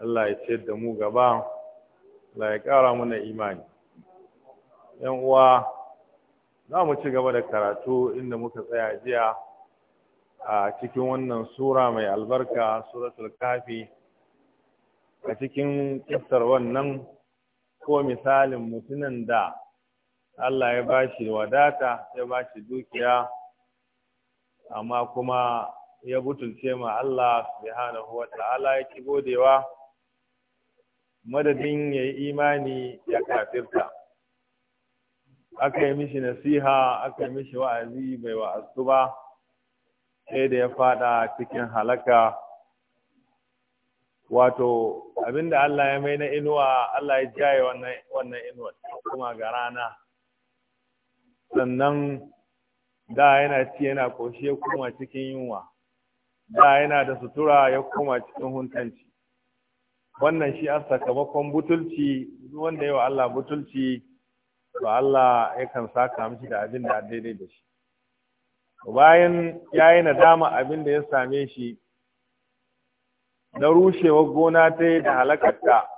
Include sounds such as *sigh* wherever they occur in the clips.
Allah ya ce da mu gaba Allah ya ƙara mana imani yan uwa za mu ci gaba da karatu inda muka tsaya jiya a cikin wannan sura mai albarka suratul kafi a cikin ƙasar wannan ko misalin mutumin da Allah ya bashi wadata ya bashi dukiya amma kuma ya butulce ma Allah subhanahu wa ta'ala ya ki godewa madadin ya yi imani ya kafirta aka yi mishi nasiha aka yi mishi wa'azi bai wa'azu ba sai da ya fada cikin halaka wato abinda Allah ya mai na inuwa Allah ya jaye wannan inuwa kuma ga rana sannan da yana ci yana koshi kuma cikin yunwa da yana da sutura ya koma cikin huntanci wannan shi an sakamakon butulci wanda yawa Allah butulci to Allah yakan saka mishi da abin da daidai da shi bayan ya yi nadama abin da ya same shi na rushewar gona ta da halakarta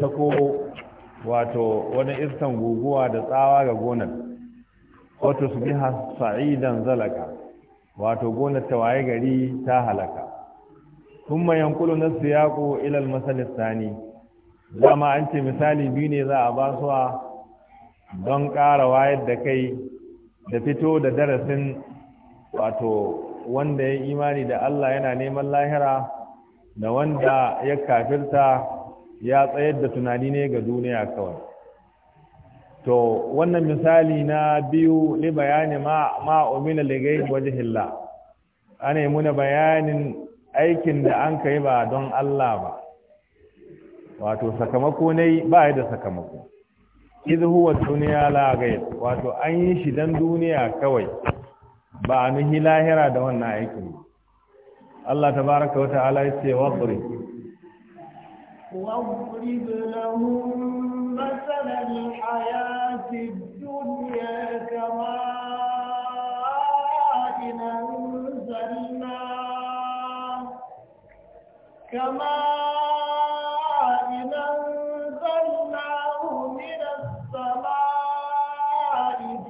sako wato wani iskan guguwa da tsawa ga gonar wato su biha sa'idan zalaka wato gonar ta waye gari ta halaka kuma yankulu na siyaku ilal masalistani dama an ce misali biyu ne za a ba su don ƙara wayar da kai da fito da darasin wato wanda ya imani da Allah yana neman lahira da wanda ya kafirta ya tsayar da tunani ne ga duniya kawai to wannan misali na biyu ne bayani ma ma waje hil'a. ana yi muna bayanin aikin da an kai ba don Allah ba wato sakamako ne ba da sakamako iz huwa duniya la ghaib wato an yi shi dan duniya kawai ba nuhi lahira da wannan aikin Allah tabaraka wa ta'ala ya ce wa واضرب لهم مثل الحياة الدنيا كما إن أنزلناه كما إن أنزلناه من السماء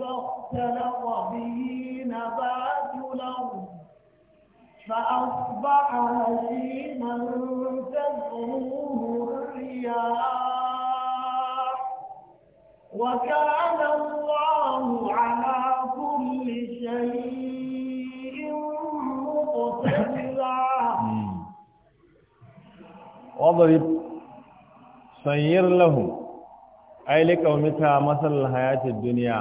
فاختلط به نبات الأرض فأصبح هشيما تدعوه وكان الله lahu ailika شيء مقتدرا masalar hayatar duniya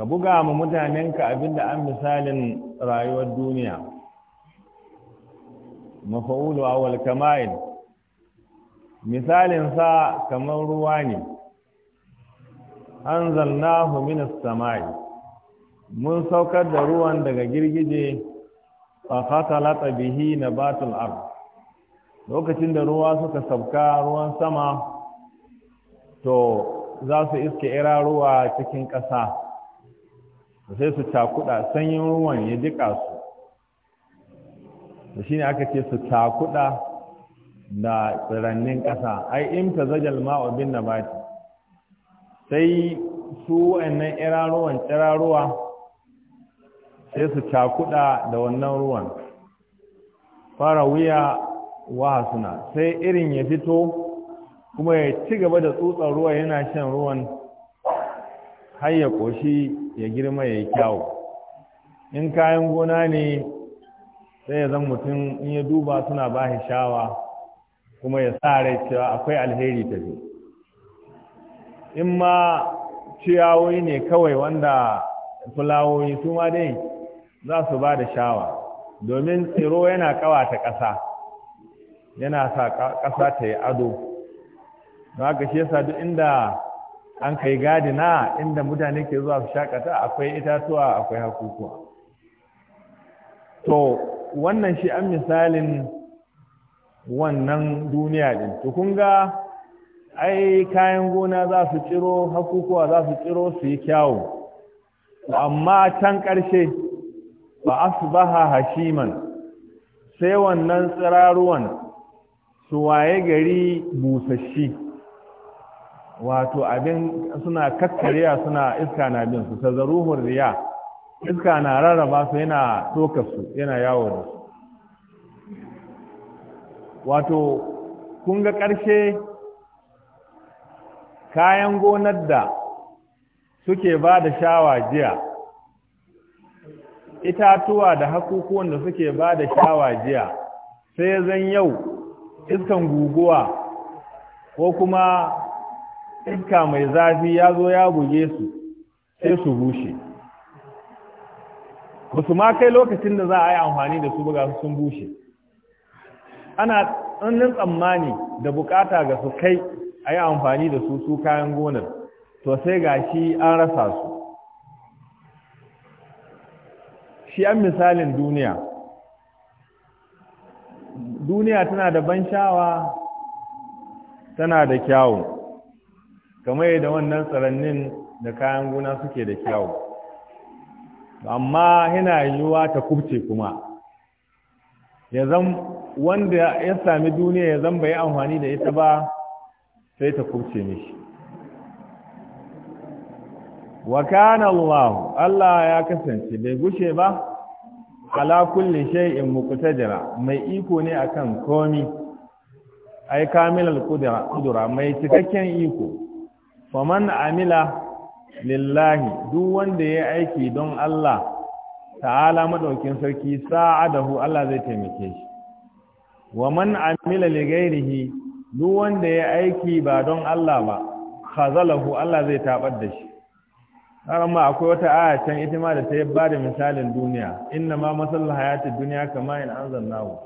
ka buga mu mutanenka abinda an misalin rayuwar duniya mafa'ulu awal kama'il misalin sa kamar ruwa ne anzalnahu as samai mun saukar da ruwan daga girgije fa fatalata bihi nabatul ard lokacin da ruwa suka sabka ruwan sama to za su iske ira ruwa cikin ƙasa sai su takuda sanyin ruwan ya jika su shi ne aka ce su takuda da tsirannin ƙasa ai imta zajal ma'u bin nabati sai su wa'annan iraruwan iraruwa sai su cakuda da wannan ruwan fara wuya wa suna sai irin ya fito kuma ya ci gaba da tsutsar ruwa yana shan ruwan har ya ƙoshi ya girma ya yi kyawu in kayan gona ne sai ya zan mutum in ya duba suna ba shawa kuma ya sa rai cewa akwai alheri tafi in ma ciyawoyi ne kawai wanda fulawoyi su ma dai za su ba da shawa domin tsiro yana kawata ƙasa yana sa ƙasa ta yi ado Na ga shi yasa duk inda an kai gadina inda mutane ke zuwa su shakata akwai itatuwa akwai hakukuwa to wannan shi an misalin wannan duniya din to kun ga ai kayan gona za su ciro hakukuwa za su tsiro su yi kyawu amma can ƙarshe ba asbaha hashiman sai wannan tsiraruwan su waye gari busashi wato abin suna kakkariya suna iska na bin su ta zaruhun riya iska na rarraba su yana toka su yana yawo wato kun ga ƙarshe kayan gonar da suke ba da shawa jiya itatuwa da hakukuwan da suke ba da shawa jiya sai zan yau iskan guguwa ko kuma iska mai zafi ya zo ya buge su sai su bushe ba su ma kai lokacin da za a yi amfani da su buga su sun bushe ana tsananin tsammani da bukata ga su kai a yi amfani da su su kayan gonar to sai ga shi an rasa su shi an misalin duniya duniya tana da ban sha'awa tana da kyawu kamar yadda wannan tsarannin da kayan gona suke da kyawu amma yana yiwuwa ta kubce kuma ya zan wanda ya sami duniya ya zan bai amfani da ita ba sai ta kubce mishi wa kana Allah Allah ya kasance bai gushe ba ala kulli shay'in muqtadira mai iko ne akan komi ai kamilal qudra qudra mai cikakken iko faman amila lillahi duk wanda ya aiki don Allah ta'ala madaukin sarki sa'adahu Allah zai taimake shi wa man amila li ghairihi duk wanda ya aiki ba don Allah ba khazalahu Allah zai tabar da shi karan ma akwai wata aya can ita ma da ta ba da misalin duniya inna ma masal hayatid dunya kama in anzalnahu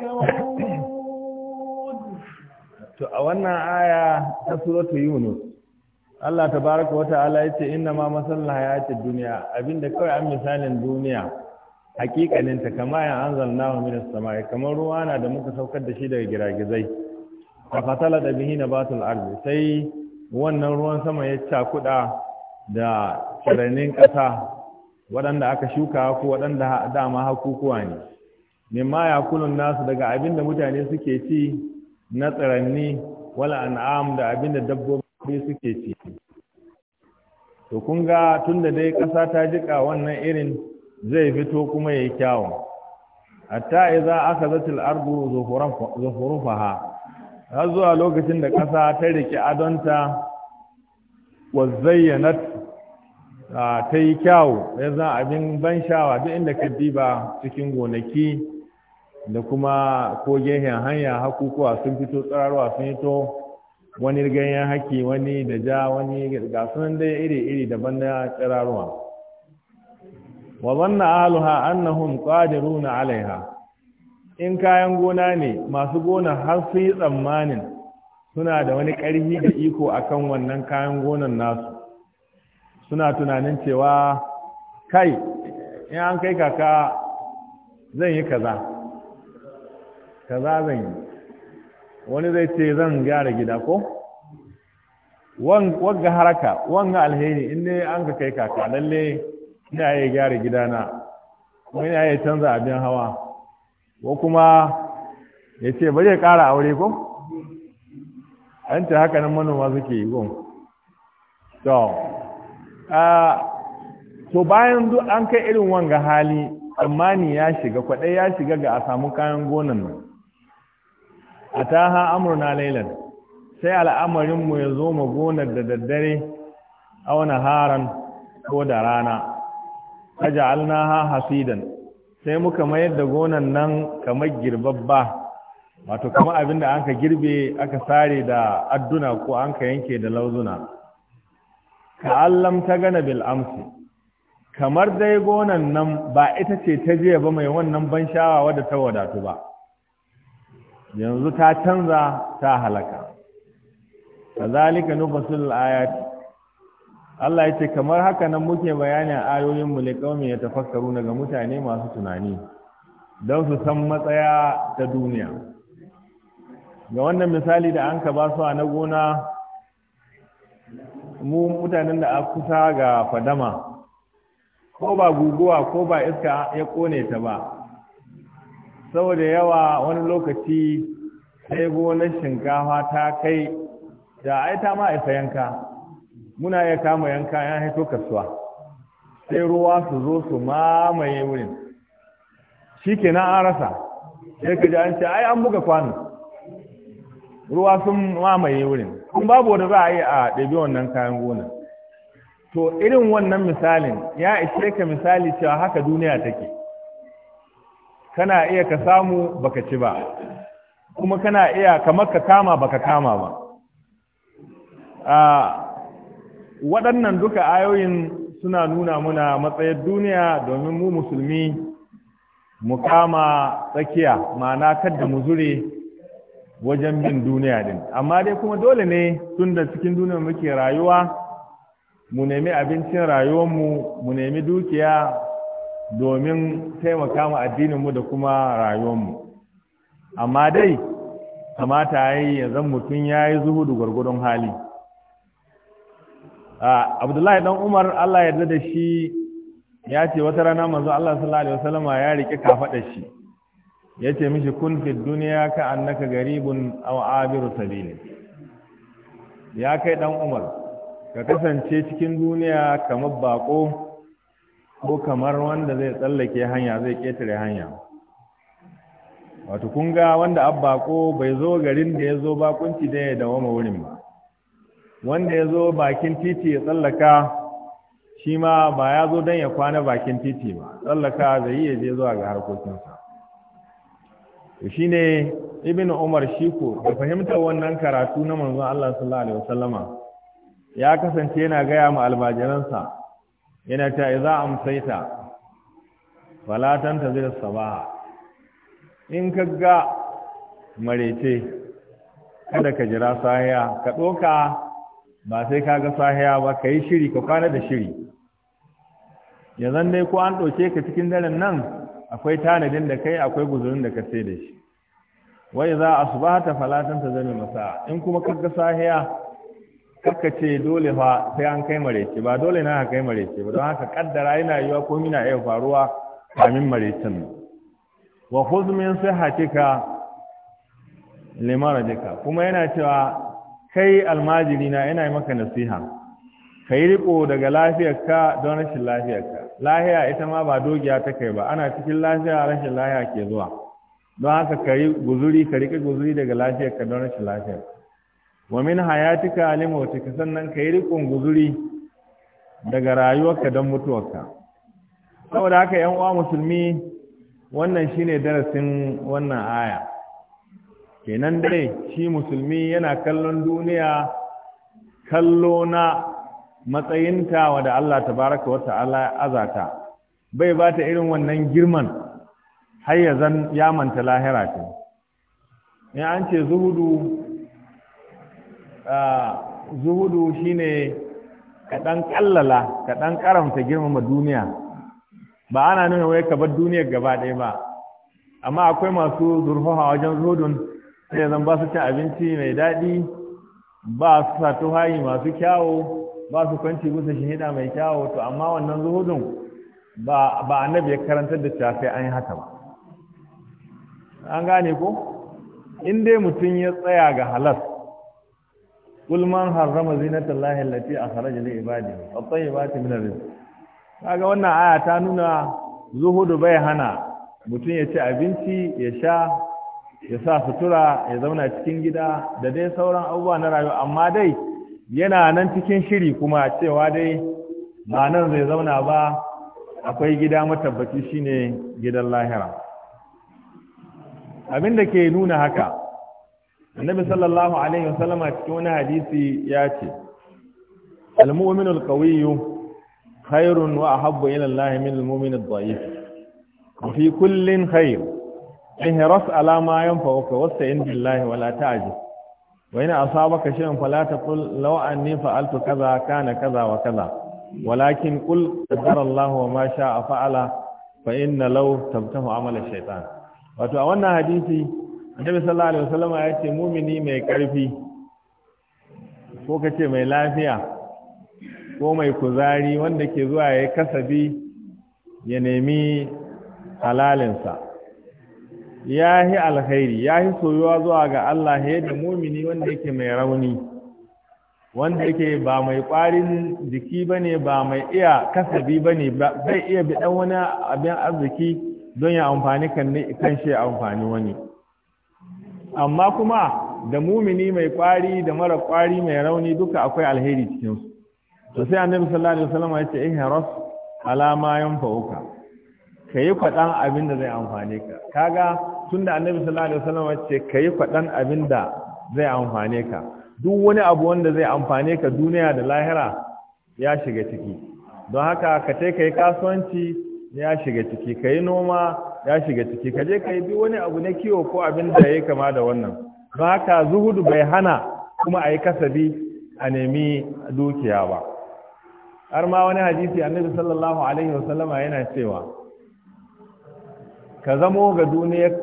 to a wannan aya ta suratu yunus Allah tabaraka wa ta'ala yace inna ma masalla hayati dunya abinda kawai an misalin duniya hakikanin ta kama ya hu minas samai kamar ruwa na da muka saukar da shi daga giragizai fa fatala da bihi nabatul ardi sai wannan ruwan sama ya cakuda da tsiranin ƙasa waɗanda aka shuka ko waɗanda dama hakukuwa ne mimma yakulun nasu daga abinda mutane suke ci na tsiranni wala an'am da abinda da dabbobi suke ci to kun ga tunda dai ƙasa ta jika wannan irin zai fito kuma yayi kyawu hatta idza akhadhatil ardu zuhurufaha har zuwa lokacin da ƙasa ta rike adonta wa zayyanat ta yi kyawu ya za abin ban sha'awa duk inda kadiba cikin gonaki da kuma ko gehen hanya hakukuwa sun fito tsararwa sun yi to wani ganyen haki wani da ja wani ga sunan dai iri-iri daban na tsararwa wa zanna aluha annahum qadiruna alaiha in kayan gona ne masu gona har sun yi tsammanin suna da wani ƙarfi da iko akan wannan kayan gonan nasu suna tunanin cewa kai in an kai kaka zan yi kaza za zan yi wani zai ce zan gyara gida ko wanga haraka wanga alheri in ne an ka kai kaka lalle ina iya gyara gidana kuma ina iya canza abin hawa ko kuma ya ce ba zai kara aure ko an ce haka nan manoma suke yi gom to to bayan duk an kai irin wanga hali tsammani ya shiga kwaɗai ya shiga ga a samu kayan gonan nan a taha amurna lailan sai al'amarinmu ya zo mu gonar da daddare auna haran ko da rana ha hasidan sai muka mayar da gonan nan kamar girbabba wato kamar abin da anka girbe aka sare da adduna ko anka yanke da lauzuna ka'allam ta gana bil amsi kamar dai gonan nan ba ita ce ta jiya ba mai wannan ban sha'awa wadda ta wadatu ba yanzu ta canza ta halaka kazalika nufasul ayat Allah ya kamar haka nan muke bayanin ayoyin mu ya tafakkaru daga mutane masu tunani don su san matsaya ta duniya ga wannan misali da an ka ba su a na gona mu mutanen da a kusa ga fadama ko ba guguwa ko ba iska ya kone ta ba saboda yawa wani lokaci sai gonar shinkafa ta kai da ai ta ma isa yanka muna ya kama yanka ya haito kasuwa sai ruwa su zo su mamaye wurin shi ke na an rasa sai ka ji an ce ai an buga kwano ruwa sun mamaye wurin kun babu wanda za a yi a ɗabi wannan kayan gona to irin wannan misalin ya ishe ka misali cewa haka duniya take kana iya ka samu baka ci ba kuma kana iya kamar ka kama baka kama ba a waɗannan duka ayoyin suna nuna muna matsayin duniya domin mu musulmi mu kama tsakiya ma'ana kadda mu zure wajen bin duniya din amma dai kuma dole ne tun da cikin duniya muke rayuwa mu nemi abincin rayuwarmu mu nemi dukiya domin taimaka mu addininmu da kuma rayuwarmu amma dai kamata ya yi yanzu mutum ya yi zuhudu gwargwadon hali abdullahi dan umar allah yarda da shi ya ce wata rana manzo allah sallallahu alaihi wasallam ya rike kafaɗa shi ya ce mishi kun fi duniya ka annaka garibun aw abiru sabili ya kai dan umar ka kasance cikin duniya kamar bako ko kamar wanda zai tsallake hanya zai ketare hanya wato kun ga wanda abba ko bai zo garin da yazo zo kunci da ya ma wurin ba wanda yazo bakin titi ya tsallaka shi ma ba ya zo dan ya kwana bakin titi ba tsallaka zai iya je zuwa ga harkokinsa to shine ibn umar ko da fahimtar wannan karatu na manzon allah sallallahu alaihi wasallama ya kasance yana gaya ma almajiransa yana ta yi za a amsaita Falatanta zai sabaha in ka ga marece kada ka jira sahiya ka ɗoka ba sai ka ga sahiya ba ka yi shiri ka kwana da shiri yanzu dai ko an ɗauke ka cikin daren nan akwai tanadin da kai akwai guzurin da ka sai da shi wai za a subata falatan ta zai masa in kuma ka ga sahiya kakka ce dole fa sai an kai marece ba dole na kai marece ba don haka kaddara yana yiwa ko mina iya faruwa kamin marecin wa huzmin limara jika. kuma yana cewa kai almajiri na yana yi maka nasiha ka yi riko daga lafiyarka don rashin lafiyarka lahiya ita ma ba dogiya ta kai ba ana cikin lafiya rashin lahiya ke zuwa don haka ka yi guzuri ka riƙe guzuri daga lafiyarka don rashin lafiyarka wa min hayatika li sannan ka yi rikon guzuri daga rayuwarka don mutuwarka saboda haka yan uwa musulmi wannan shine darasin wannan aya kenan dai shi musulmi yana kallon duniya kallo na matsayinta wadda Allah tabaraka wa ta'ala azata bai ba ta irin wannan girman har ya manta lahira ce in an ce zuhudu zuhudu shine ka dan kallala ka dan karamta girmama duniya ba ana nuna wai ka bar duniyar gaba ɗaya ba amma akwai masu zurfafa wajen zuhudun sai zan ba su cin abinci mai daɗi ba su sa tuhayi masu kyawo ba su kwanci bisa shahida mai kyawo to amma wannan zuhudun ba ba annabi ya karantar da cewa sai an yi haka ba an gane ko in dai mutum ya tsaya ga halas kul man harrama zinata llahi allati akhraja li ibadihi at-tayyibati min ar-rizq kaga wannan aya ta nuna zuhudu bai hana mutum ya ci abinci ya sha ya sa sutura ya zauna cikin gida da dai sauran abubuwa na rayuwa amma dai yana nan cikin shiri kuma cewa dai ba nan zai zauna ba akwai gida matabbaci shine gidan lahira abin da ke nuna haka annabi sallallahu alaihi wasallama cikin wani hadisi ya ce al-mu'minul qawiyyu khairun wa ahabbu ila Allah min al-mu'min ad-da'if fi kullin khair ihras ala ma yanfa'uka wasta'in billahi wa la ta'jaz wa in asabaka shay'un fala taqul law anni fa'altu kaza kana kaza wa kaza walakin qul qadara Allah wa ma sha'a fa'ala fa inna law tabtahu amala shaytan wato a wannan hadisi annabi sallallahu alaihi wasallam ya ce mumini mai karfi ko kace mai lafiya ko mai kuzari wanda ke zuwa ya kasabi ya nemi halalinsa ya yi alkhairi ya yi soyuwa zuwa ga Allah ya da mumini wanda yake mai rauni wanda yake ba mai ƙwarin jiki ba ne ba mai iya kasabi ba ne bai iya biɗan wani abin arziki don ya amfani kan shi ya amfani wani amma kuma da mumini mai kwari da mara kwari mai rauni duka akwai alheri cikin su to sai annabi sallallahu alaihi wasallam ya ce haras ala ma yanfa'uka kayi kwadan abin da zai amfane ka kaga tunda annabi sallallahu alaihi wasallam ya ce kayi kwadan abin da zai amfane ka duk wani abu wanda zai amfane ka duniya da lahira ya shiga ciki don haka ka kai kasuwanci ya shiga ciki kayi noma ya shiga ciki ka je ka yi bi wani abu na kiwo ko abin da ya kama da wannan ba ka zuhudu bai hana kuma a yi kasabi a nemi dukiya ba har ma wani hadisi annabi sallallahu alaihi wasallama yana cewa ka zamo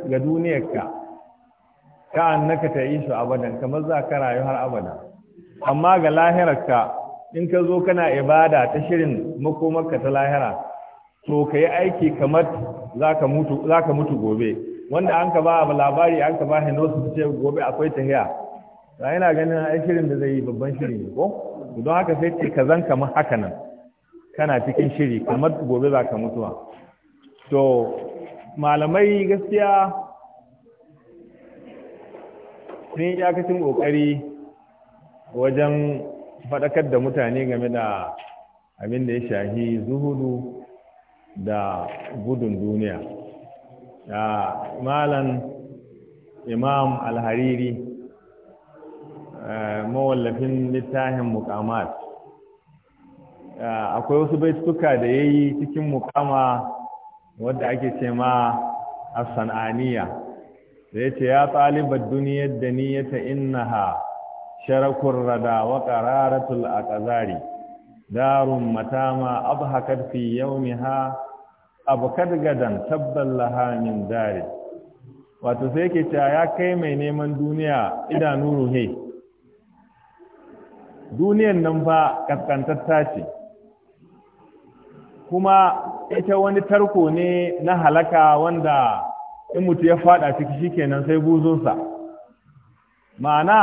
ga duniyarka ka annaka ta shi abadan kamar za ka rayu har abada amma ga lahirarka in ka zo kana ibada ta shirin makomarka ta lahira to ka yi aiki kamar za ka mutu gobe wanda an ka ba labari an ka ba hino su ce gobe akwai ta tahiya ta yana ganin ai shirin da zai yi babban shiri ne ko don haka sai ce ka zan kamar haka nan kana cikin shiri kamar gobe za ka mutu mutuwa to malamai gaskiya sun iyakacin ƙoƙari wajen faɗakar da mutane game da abin da ya shahi zuhudu da gudun duniya malan imam alhariri eh, mawallafin littafin mukamat akwai wasu baituka da ya yi cikin mukama wadda ake ce ma asan'aniya da ya ce ya ɗalibar duniyar da niyyata innaha sharakun rada wa ƙararatul a ƙazari darun matama abhakar fi ha. abu kadgadan tabban min dare wato sai yake cewa ya kai mai neman duniya idanu ruhe duniyan nan fa kaskantatta ce kuma ita wani tarko ne na halaka wanda in mutu ya fada ciki shikenan sai buzonsa ma'ana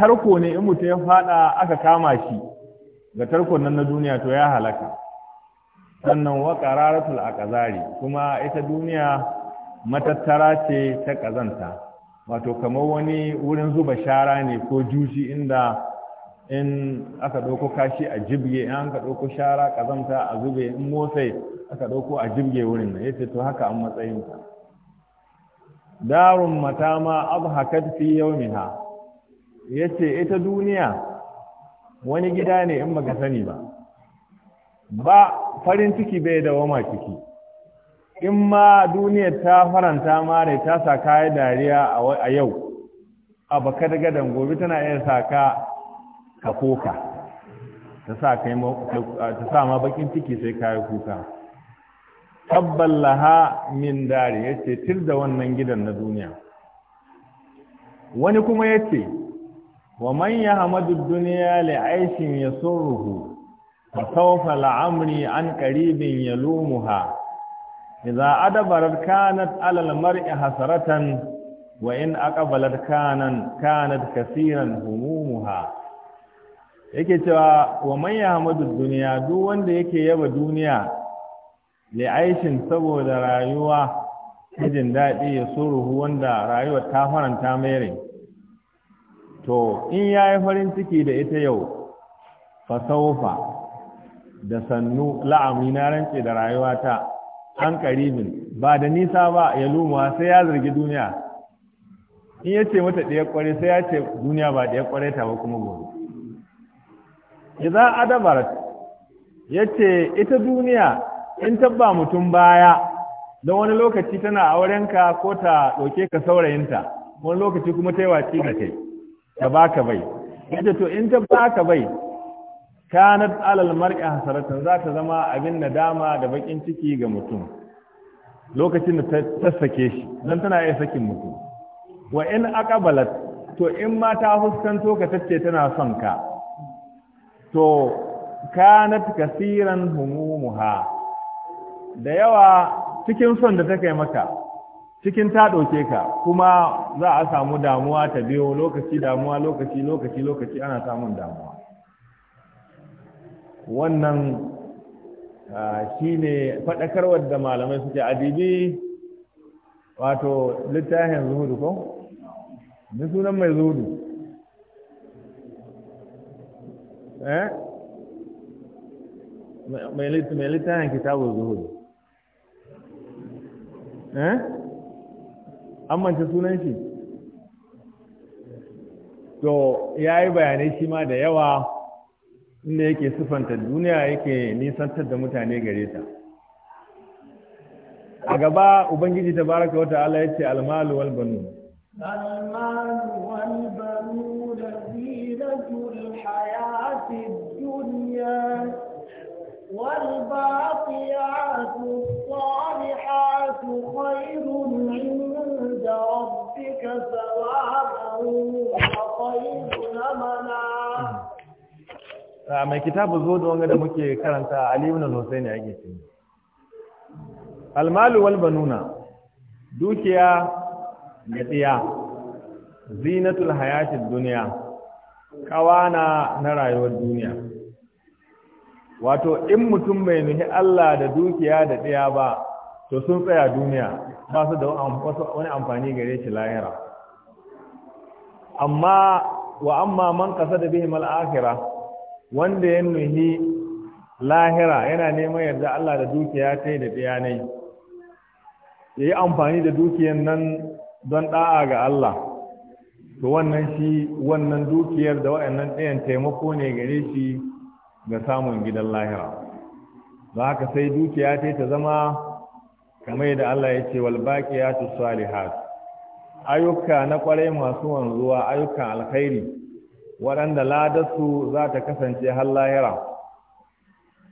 tarko ne in mutu ya fada aka kama shi ga tarkon nan na duniya to ya halaka sannan wa qararatul aqzari kuma ita duniya matattara ce ta kazanta wato kamar wani wurin zuba shara ne ko juji inda in aka ɗauko kashi a jibge in aka ɗauko shara kazanta a zube in motsai aka ɗauko a jibge wurin ya yace to haka an ta darun matama abhakat fi yawmiha yace ita duniya wani gida ne in baka sani ba ba farin ciki bai dawama ciki in ma duniyar ta faranta mare ta sa kayan dariya a yau a baka daga gobe tana iya sa ka ka koka ta sa ma bakin ciki sai kayi kuka Tabballaha min dari yace til da wannan gidan na duniya wani kuma yace wa man yahmadu dunya li aishin ruhu? فسوف لعمري عن قريب يلومها إذا أدبرت كانت على المرء حسرة وإن أقبلت كانت, كانت كثيرا همومها yake cewa wa man yahmadu duniya duk wanda yake yaba duniya li aishin saboda rayuwa jin daɗi ya suruhu wanda rayuwa ta faranta mai to in yayi farin ciki da ita yau fa da sannu la'ami na rance da rayuwata an karibin ba da nisa ba ya luma sai ya zargi duniya in ya ce mata ɗaya ƙware sai ya ce duniya ba ɗaya ƙware ta ba kuma gobe idan dabar ya ce ita duniya in tabba mutum baya don wani lokaci tana aurenka ko ta ɗauke ka saurayinta wani lokaci kuma ta yi ci ga kai ta baka bai yadda to in ta baka bai kanat alal mar'i hasaratan za ta zama abin nadama da bakin ciki ga mutum lokacin da ta sake shi dan tana iya sakin mutum wa in aqbalat to in ma ta fuskanto ka tace tana son ka to kanat kasiran humumuha da yawa cikin son da ta maka cikin ta ɗauke ka kuma za a samu damuwa ta biyo lokaci damuwa lokaci lokaci lokaci ana samun damuwa wannan shi ne faɗakarwar da malamai suke adibi wato littafin zuhudu ko? ni sunan mai zuhudu eh mai littafin kitabun zuhudu eh an mance sunan shi to ya yi bayanai shi ma da yawa In inda yake sufanta duniya yake nisantar da mutane gare ta a gaba ubangiji ta baraka wata ala ya ce almalu wal banu almalu wal banu da zinatul hayati duniya wal baqiyatu salihatu khairun inda rabbika thawaban wa khairun amana A ah, mai kitabu zo da wanga da muke karanta na sosai ne ake ce Almalu wal banuna dukiya da tsiya zinatul hayatid duniya, kawana na rayuwar duniya wato in mutum bai nuhi Allah da dukiya da tsiya ba to sun tsaya duniya ba su da wani amfani gare shi lahira amma wa amma man kasa da bihim wanda ya nuhi lahira yana neman yarda Allah da dukiya ta yi da bayanai ya yi amfani da dukiyan nan don ɗa'a ga Allah to wannan shi wannan dukiyar da waɗannan ɗayan taimako ne gare shi ga samun gidan lahira Ba haka sai dukiya ta ta zama kamar da Allah ya ce walbaƙiyatu salihat ayyuka na ƙwarai masu wanzuwa ayyukan alkhairi waɗanda ladarsu za ta kasance har lahira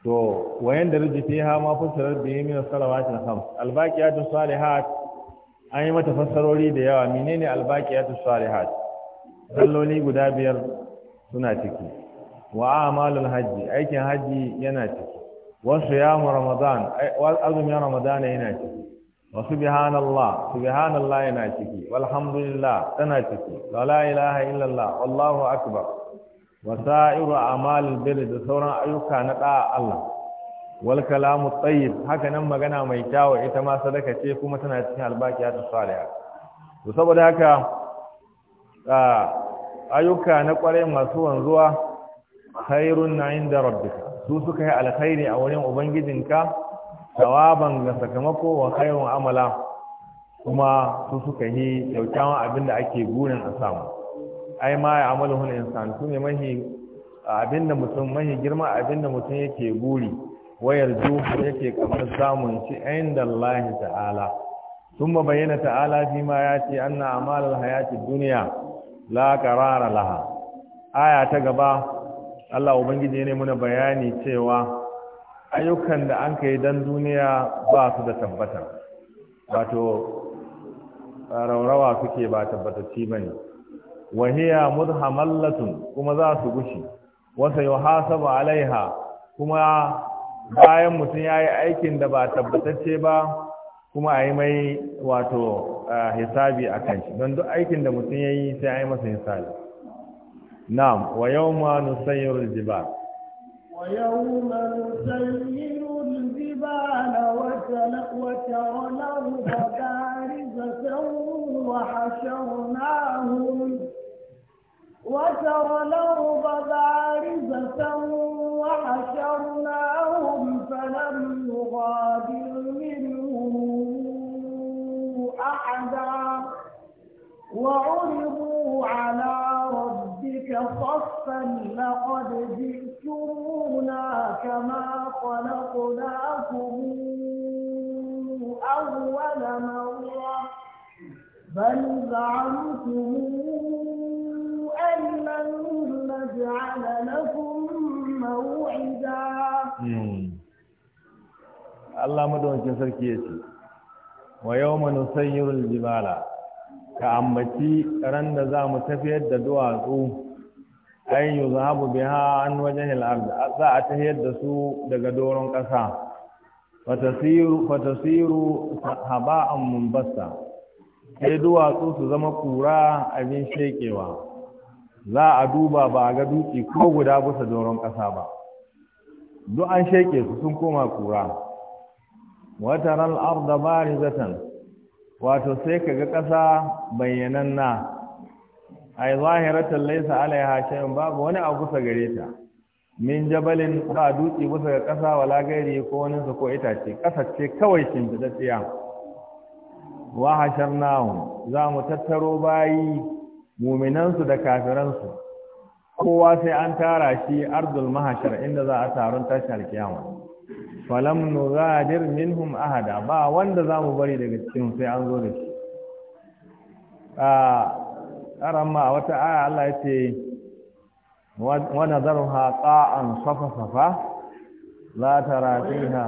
to wayan da rujufi ha ma fassarar bihi min salawatin khams albaqiyatu salihat an yi mata fassarori da yawa menene albaqiyatu salihat salloli guda biyar suna ciki wa amalul hajji aikin hajji yana ciki wasu yamu ramadan azumin ramadan yana ciki wa subhanallah subhanallah yana ciki walhamdulillah tana ciki wa la ilaha illallah wallahu akbar wa sa'iru a'mal bir da sauran ayyuka na da Allah wal kalamu tayyib haka nan magana mai kyawu ita ma sadaka ce kuma tana cikin albaqiyatu salihah to saboda haka ayyuka na kwarai masu wanzuwa khairun na inda rabbika su suka yi alkhairi a wurin ubangijinka tawaban ga sakamako wa khairun amala kuma su suka yi kyaukyawan abin da ake burin a samu ai ma ya amalu hun insan su ne mahi abin mutum mahi girma abin da mutum yake buri wayar juhu yake kamar samun shi inda Allah ta'ala sun bayyana ta'ala fi ma ya ce anna amalar hayati duniya la qarara laha aya ta gaba Allah ubangiji ne muna bayani cewa ayyukan da an kai don duniya ba su da tabbata wato raurawa suke ba tabbatacci ba ne wahiya mudhamallatun kuma za su gushi wasa yuhasabu alaiha kuma bayan mutum ya yi aikin da ba tabbatacce ba kuma a yi mai wato hisabi a shi don duk aikin da mutum ya yi sai a masa hisabi na'am wa yawma nusayyirul jibal ويوم نسير الجبال وترى الأرض بارزة وحشرناهم وترى الأرض بارزة وحشرناهم فلم نغادر منهم أحدا وعرضوا على صفا لقد جئتمونا كما خلقناكم أول مرة بل زعمتم أن لن نجعل لكم موعدا الله مدون كسر كيسي ويوم نسير الجبال ka ambaci ran da za mu tafiyar da duwatsu ai yuzhabu biha an wajhil ard za a tahiyar da su daga doron ƙasa fatasiru haba haba'an munbassa sai duwatsu su zama kura abin shekewa za a duba ba a ga duki ko guda bisa doron ƙasa ba duk an sheke su sun koma kura Wata ran arda barizatan wato sai ka ga ƙasa bayyananna ay zahiratan laysa alaiha shay'un babu wani abu kusa gare ta min jabalin ba dutse bisa ga kasa wala gairi ko wani su ko itace ƙasa ce kawai tsiya wa hasharnahu za mu tattaro bayi muminansu da kafiransu kowa sai an tara shi ardul mahashar inda za a taron tashar kiyama falam nuzadir minhum ahada ba wanda za mu bari daga cikin sai an zo da shi ah, aran ma wata aya Allah ya ce wa nazaruha qa'an safa safa la tara fiha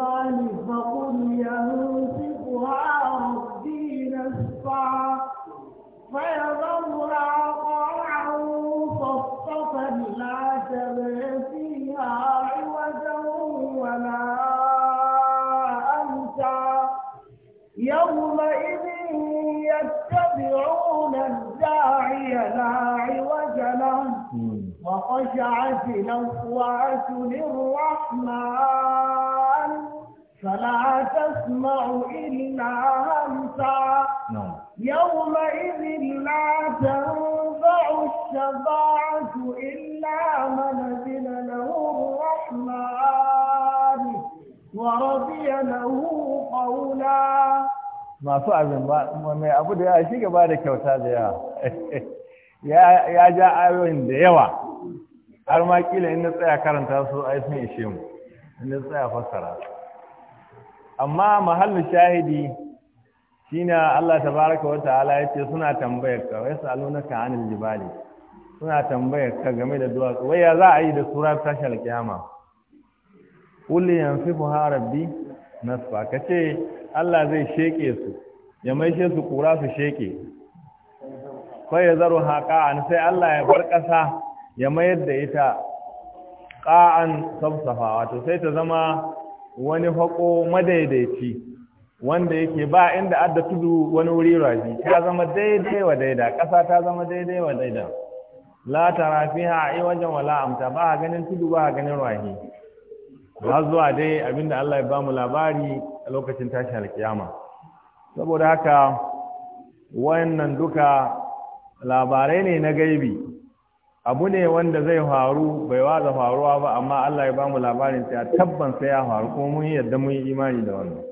فقل ينسفها ربي نسفا فيذرها قاعا صفصفا لا تبع فيها يتبعون الداعي لا عوج له وخشعت الأصوات للرحمن فلا تسمع إلا masu abin ba mai abu da yawa shi gaba da kyauta da yawa *laughs* ya ja ayoyin da yawa har ma kila in na tsaya karanta su ai sun ishe mu in tsaya fassara amma mahallin shahidi shine Allah ta baraka wa ta'ala ce suna tambayar ka wai ka anil jibali suna tambayar ka game da duwatsu wai ya za a yi da sura kyama? shal kiyama qul yanfihu rabbi nasfa kace Allah zai sheke su ya maishe su kura su sheke Ko ya zaro haƙa'an sai Allah ya bar ƙasa ya mayar da ita ƙa'an sabsafa wato sai ta zama wani haƙo madaidaici wanda yake ba inda adda tudu wani wuri raji ta zama daidai wa daida ƙasa ta zama daidai wa daida la tara ai wajen wala amta ba ganin tudu ba ganin rahi ba zuwa dai abinda Allah ya bamu labari a lokacin tashin alkiyama saboda haka wayannan duka labarai ne na gaibi abu ne wanda zai faru bai waza faruwa ba amma Allah ya bamu labarin sai tabban sai ya faru kuma mun yadda mun yi imani da wannan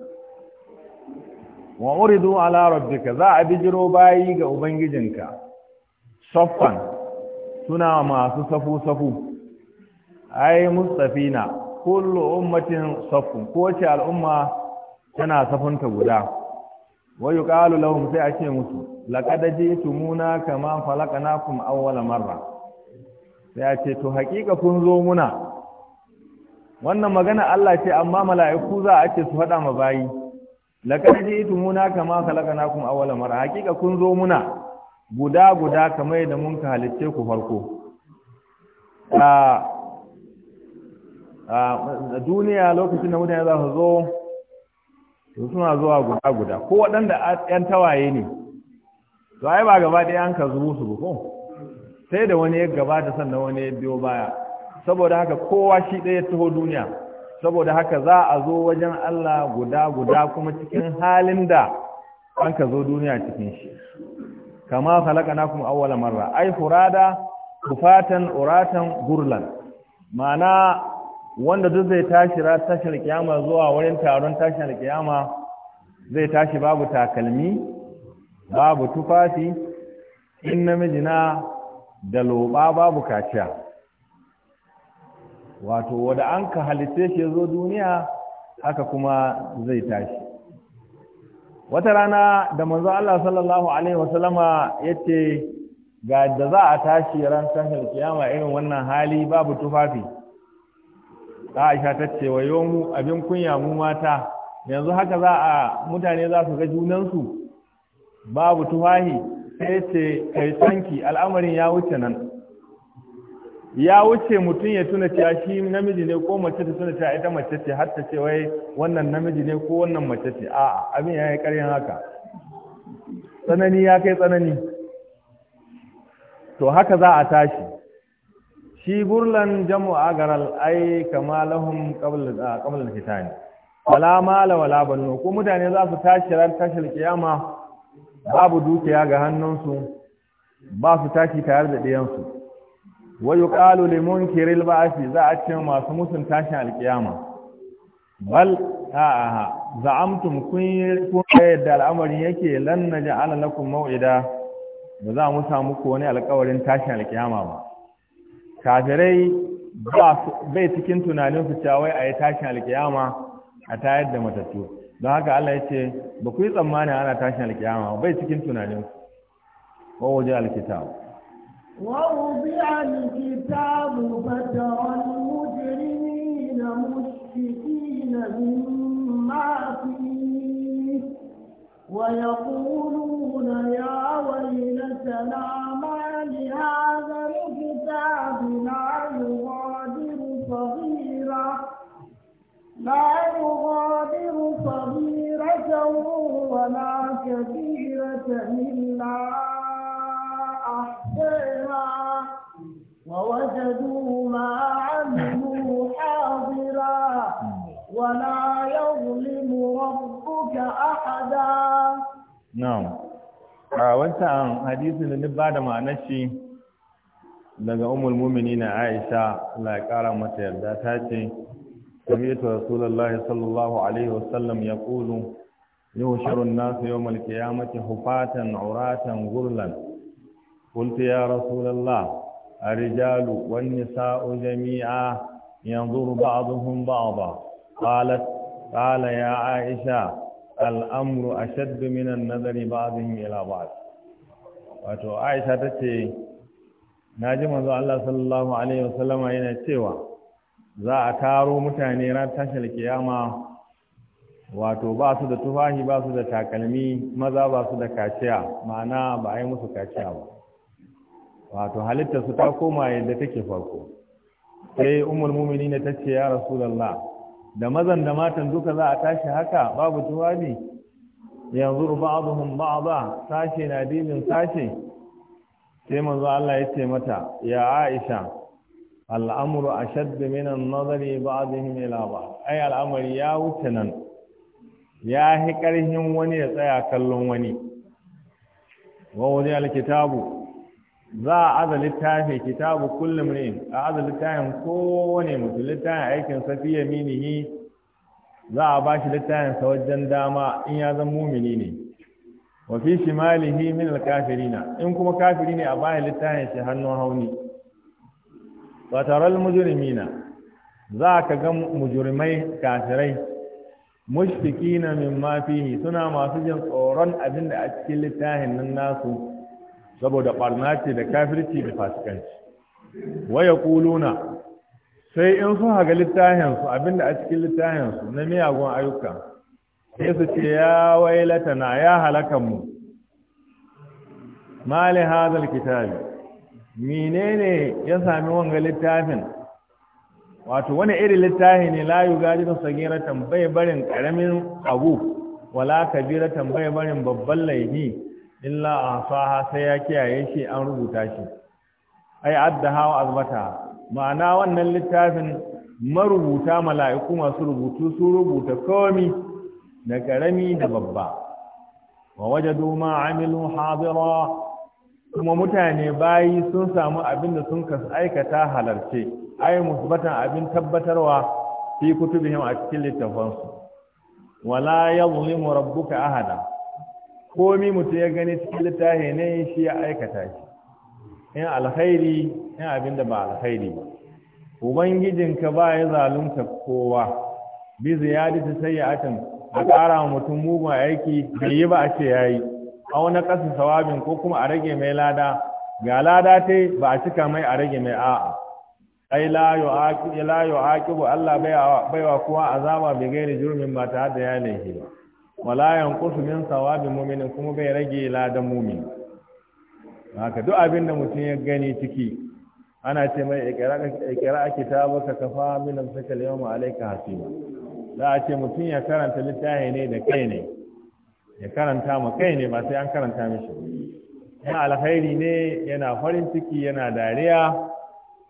wa uridu ala rabbika za a bijiro bayi ga ubangijinka saffan suna masu safu safu ai mustafina kullu ummatin ce kowace al'umma tana safunta guda wa yuqalu lahum sai a ce musu laqad ji'tumuna kama falaqnakum awwala marra sai ce to haƙiƙa kun zo muna wannan magana Allah ce amma mala'iku za a ce su faɗa ma bayi laqad ji'tumuna kama falaqnakum awwala marra haƙiƙa kun zo muna guda guda kamar da mun ka halicce ku farko ah, a duniya lokacin da mutane za su zo su suna zuwa guda guda ko waɗanda yan tawaye ne to ai ba gaba ɗaya an ka zubu su ko sai da wani ya gabata sannan wani ya biyo baya saboda haka kowa shi ɗaya taho duniya saboda haka za a zo wajen Allah guda guda kuma cikin halin da an ka zo duniya cikin shi kama kuma awwala marra ay furada kufatan uratan gurlan ma'ana wanda duk zai tashi ra tashar kiyama zuwa wurin taron tashar kiyama zai tashi babu takalmi babu tufafi in namiji na da loba babu kaciya wato wanda an ka halitta shi zo duniya haka kuma zai tashi wata rana da manzo Allah sallallahu alaihi wasallama yace ga da za a tashi ran tashar kiyama irin wannan hali babu tufafi Aisha ta ce wa mu abin kunya mu mata yanzu haka za a mutane za su ga junansu babu tufahi sai ce kai sanki al'amarin ya wuce nan ya wuce mutum ya tuna cewa shi namiji ne ko mace ta tuna cewa ita mace ce har ta ce wai wannan namiji ne ko wannan mace ce a'a abin ya yi ƙaryan haka tsanani ya kai tsanani to haka za a tashi shi gurlan jama'a garal ai kama lahum qabla ah, al wala mala wala banno ko mutane za su tashi ran tashil kiyama babu dukiya ga hannunsu ba su tashi tare da ɗiyansu wa yuqalu li munkiril ba'thi za a ce masu musun tashin alkiyama bal a za'amtum kun kun yadda al'amarin yake lan naj'ala lakum maw'ida ba za mu samu ko wani alƙawarin tashin alkiyama ba kafirai bai cikin tunanin su cewa a yi tashin alkiyama a tayar da matattu don haka Allah ya ce ba ku yi tsammani ana tashin alkiyama bai cikin tunanin su wa waje alkitab ووضع الكتاب فترى المجرمين مشفقين مما فيه ويقولون يا ويلتنا لنا كثيرة إلا أحسنها ووجدوا ما عملوا حاضرا ولا يظلم ربك أحدا نعم a wancan hadisin da ni ba da ma'anar shi daga umul muminina Aisha Allah ya kara mata yarda ta ce sami ta Rasulullahi sallallahu alaihi wasallam ya kulu يوشر الناس يوم القيامة حفاة عراة غرلا قلت يا رسول الله الرجال والنساء جميعا ينظر بعضهم بعضا قالت قال يا عائشة الأمر أشد من النظر بعضهم إلى بعض وتو عائشة تتي ناجم الله ji manzo Allah sallallahu alaihi wasallama yana cewa za a taro wato ba su da tufahi ba su da takalmi maza ba su da kaciya ma'ana ba a yi musu kaciya ba wato halitta su ta koma yadda take farko sai umar mumini na ta ce ya rasulallah da mazan da matan duka za a tashi haka babu tufahi yanzu ba'dhum ba'dha sashe na dinin sashe sai manzo Allah ya ce mata ya Aisha al'amru ashadd min an-nazari ba'dhum ila ba'd ai al'amari ya wuce nan ya fi ƙarhin wani ya tsaya kallon wani wawaje alkitabu za a aza littafi kitabu kullum ne a aza littafin kowane mutu littafin aikin mini minihi za a ba shi littafin sa wajen dama in ya zan mumini ne wa fi shimalihi min alkafirina in kuma kafiri ne a ba littafin shi hannun hauni fataral mujurimina za ka ga mujurimai kafirai min ma fihi suna masu jin tsoron abin da a cikin littafin nan nasu saboda barna ce da kafirci da fasikanci wa yaquluna sai in sun haga littafin su abin da a cikin littafin su na miyagun ayyuka sai su ce ya wailata na ya halakan mu mali hadal kitabi menene ya sami wanga littafin wato wani irin littafi ne la yugadiru sagiratan bai barin karamin abu wala kabira bai barin babban laifi illa asaha sai ya kiyaye shi an rubuta shi ai Adda hawa azbata ma'ana wannan littafin marubuta mala'iku masu rubutu su rubuta komi da karami da babba wa wajadu ma amilu hadira kuma mutane bayi sun samu abin da sun aikata halarce ai musbatan abin tabbatarwa fi kutubihim a cikin littafansu wala yadhlimu rabbuka ahada komi mutum ya gani cikin littafi ne shi ya aikata shi in alkhairi in abin da ba alkhairi ba ubangijinka ba ya zalunta kowa bi ziyadi ta sayyatin a ƙara wa mutum mugun aiki bai yi ba a ce yayi au na kasu sawabin ko kuma a rage mai lada ga lada ta ba a cika mai a rage mai a'a ai la yu'aqi la yu'aqibu Allah bai wa kowa azaba bi gairi jurmin ba ta da ya shi ba wala yanqusu min sawabi mu'minin kuma bai rage ladan mu'min haka duk abin da mutum ya gani ciki ana ce mai ikira ka kafa min amsaka al-yawma alayka hasiba za a ce mutum ya karanta littafi ne da kai ne ya karanta ma kai ne ba sai an karanta mishi yana alkhairi ne yana farin ciki yana dariya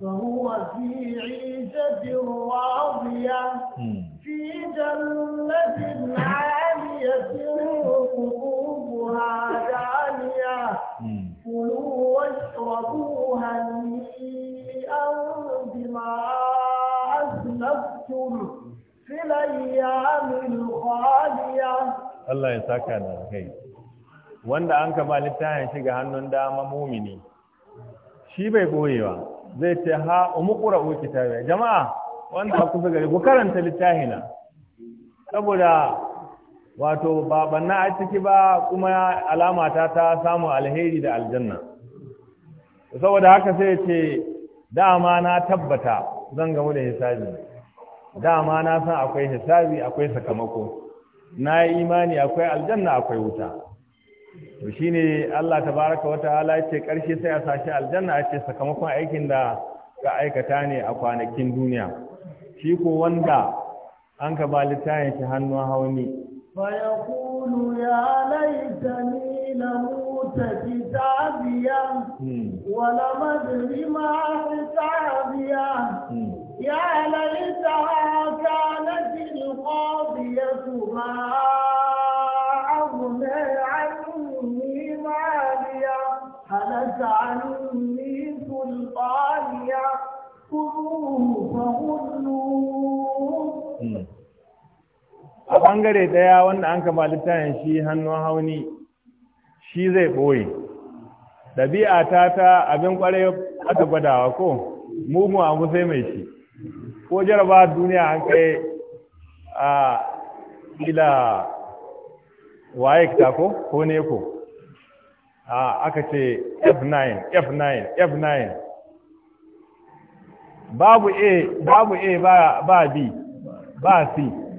فهو في عيشة راضية في جنة عالية قطوفها دانية كلوا واشربوا هنيئا بما أسلفتم في الأيام الخالية الله يساك على الخير wanda an kama littafin shiga hannun dama mumini shi bai boyewa zai ce ha umukura uki jama'a wanda kusa gari ku karanta littafina saboda wato ba banna a ba kuma alama ta ta samu alheri da aljanna saboda haka sai ce dama na tabbata zan gamu da hisabi dama na san akwai hisabi akwai sakamako na yi imani akwai aljanna akwai wuta to shine Allah ta baraka wata ala ce karshe sai a sashi aljanna ya sakamakon aikin da ka aikata ne a kwanakin duniya shi ko wanda an ka ba littafin shi hannun hauni فيقول يا ya لموت كتابيا ولم ادر ما حسابيا ɓangare ɗaya wanda an kama littafin shi hannun hauni shi zai ɓoye ɗabi'a ta ta abin ƙwarai aka gwadawa ko mugun abu sai mai shi ko jaraba duniya an kai a ila waye ta ko ko ne ko a aka ce f9 f9 f9 babu a babu a ba b ba c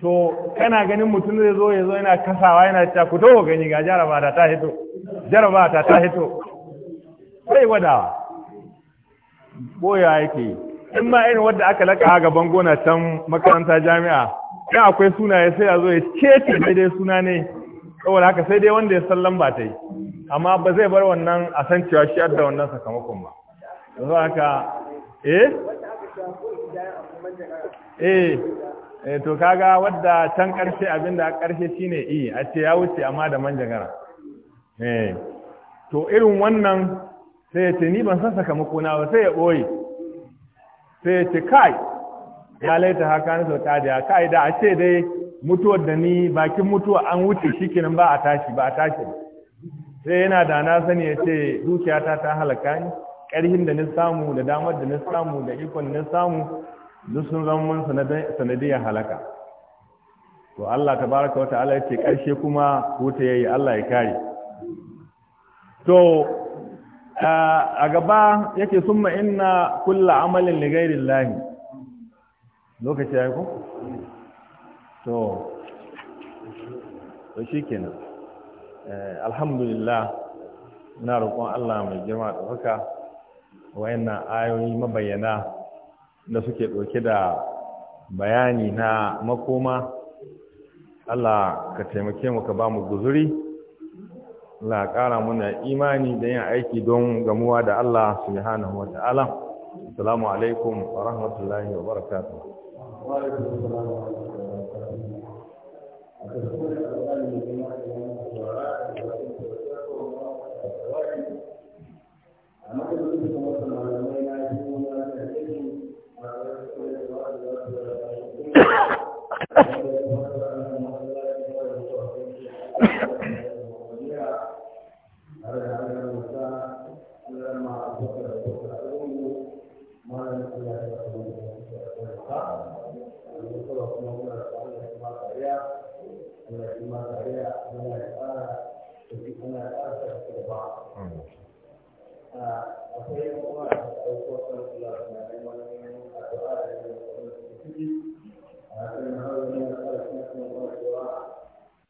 to kana ganin mutum zai zo ya zo yana kasawa yana cewa ku taho gani ga jaraba ta ta hito jaraba ta ta hito sai wadawa boya yake in ma irin wadda aka laka gaban gona can makaranta jami'a in akwai sunaye sai a zo ya cece daidai suna ne saboda haka sai dai wanda ya san lamba ta yi amma ba zai bar wannan a san cewa shi adda wannan sakamakon ba yanzu haka eh eh Eh, to kaga wadda can karshe abinda a karshe shine i e, a ce ya wuce amma da manjagara eh to irin wannan sai ya ce ni ban san sakamako na ba sai ya boye sai ya ce kai ya laita haka na sauka da kai da a ce dai mutuwar da ni bakin mutuwa an wuce shikenan ba a tashi ba a tashi sai yana da na sani ya ce dukiyata ta halaka ni ƙarhin da na samu da damar da na samu da ikon na samu duk sun zama mun sanadiyar halaka to Allah baraka wa ta'ala ya ce karshe kuma wuta yayi Allah ya kare to a gaba yake summa inna kulla amalin li ghairillahi lokaci yi ko to to shikenan eh, alhamdulillah ina roƙon Allah mai girma da haka wayannan ayoyi mabayyana da suke ɗauke da bayani na makoma Allah ka taimake mu ka ba mu guzuri Allah ƙara muna imani da yin aiki don gamuwa da Allah hana wa ta'ala assalamu alaikum wa rahmatullahi wa barakatuh